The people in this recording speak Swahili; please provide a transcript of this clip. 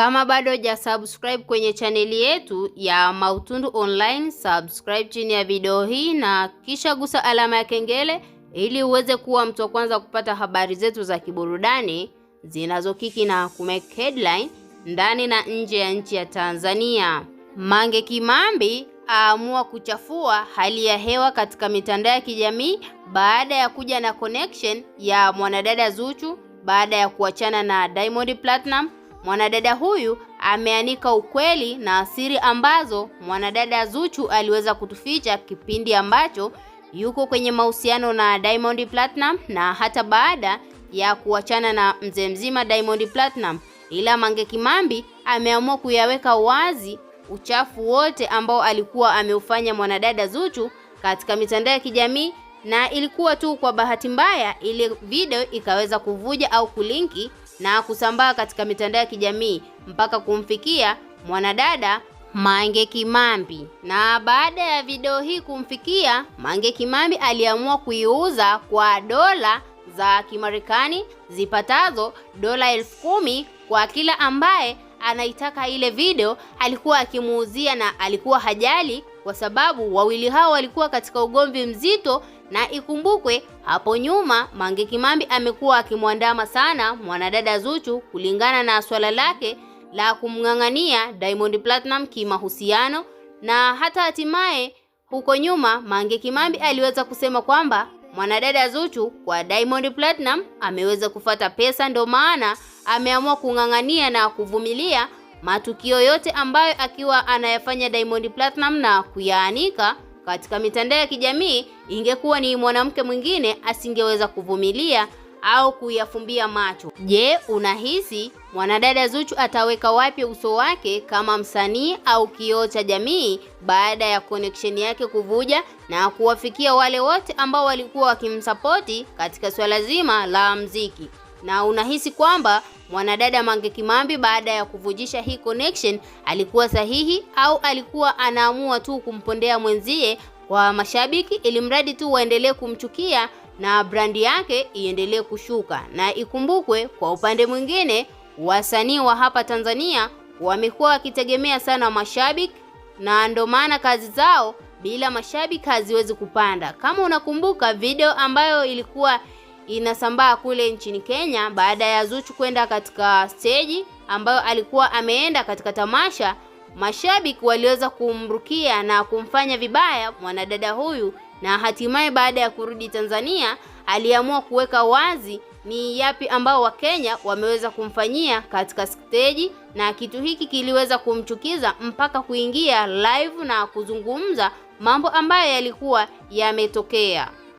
Kama bado ja subscribe kwenye chaneli yetu ya Mautundu Online, subscribe chini ya video hii na kisha gusa alama ya kengele ili uweze kuwa mtu wa kwanza kupata habari zetu za kiburudani zinazokiki na kumake headline ndani na nje ya nchi ya Tanzania. Mange Kimambi aamua kuchafua hali ya hewa katika mitandao ya kijamii baada ya kuja na connection ya mwanadada Zuchu baada ya kuachana na Diamond Platinum Mwanadada huyu ameanika ukweli na asiri ambazo mwanadada Zuchu aliweza kutuficha kipindi ambacho yuko kwenye mahusiano na Diamond Platinum na hata baada ya kuachana na mzee mzima Diamond Platinum. Ila Mange Kimambi ameamua kuyaweka wazi uchafu wote ambao alikuwa ameufanya mwanadada Zuchu katika mitandao ya kijamii na ilikuwa tu kwa bahati mbaya ile video ikaweza kuvuja au kulinki na kusambaa katika mitandao ya kijamii mpaka kumfikia mwanadada Mange Kimambi. Na baada ya video hii kumfikia Mange Kimambi, aliamua kuiuza kwa dola za Kimarekani zipatazo dola elfu kumi kwa kila ambaye anaitaka ile video alikuwa akimuuzia, na alikuwa hajali kwa sababu wawili hao walikuwa katika ugomvi mzito na ikumbukwe hapo nyuma Mange Kimambi amekuwa akimwandama sana mwanadada Zuchu kulingana na swala lake la kumng'ang'ania Diamond Platinum kimahusiano, na hata hatimaye huko nyuma Mange Kimambi aliweza kusema kwamba mwanadada Zuchu kwa Diamond Platinum ameweza kufata pesa, ndo maana ameamua kung'ang'ania na kuvumilia matukio yote ambayo akiwa anayafanya Diamond Platinum na kuyaanika katika mitandao ya kijamii, ingekuwa ni mwanamke mwingine asingeweza kuvumilia au kuyafumbia macho. Je, unahisi mwanadada Zuchu ataweka wapi uso wake kama msanii au kioo cha jamii baada ya connection yake kuvuja na kuwafikia wale wote ambao walikuwa wakimsapoti katika swala zima la mziki? Na unahisi kwamba Mwanadada Mange Kimambi baada ya kuvujisha hii connection alikuwa sahihi au alikuwa anaamua tu kumpondea mwenzie kwa mashabiki ili mradi tu waendelee kumchukia na brandi yake iendelee kushuka. Na ikumbukwe kwa upande mwingine, wasanii wa hapa Tanzania wamekuwa wakitegemea sana mashabiki, na ndo maana kazi zao bila mashabiki haziwezi kupanda. Kama unakumbuka video ambayo ilikuwa inasambaa kule nchini Kenya baada ya Zuchu kwenda katika steji ambayo alikuwa ameenda katika tamasha. Mashabiki waliweza kumrukia na kumfanya vibaya mwanadada huyu, na hatimaye baada ya kurudi Tanzania aliamua kuweka wazi ni yapi ambao Wakenya wameweza kumfanyia katika steji, na kitu hiki kiliweza kumchukiza mpaka kuingia live na kuzungumza mambo ambayo yalikuwa yametokea.